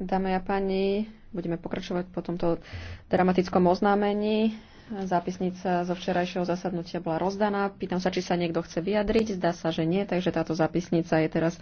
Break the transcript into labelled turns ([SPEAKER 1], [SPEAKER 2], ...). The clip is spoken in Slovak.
[SPEAKER 1] Dámy a páni, budeme pokračovať po tomto dramatickom oznámení. Zápisnica zo včerajšieho zasadnutia bola rozdaná. Pýtam sa, či sa niekto chce vyjadriť. Zdá sa, že nie, takže táto zápisnica je teraz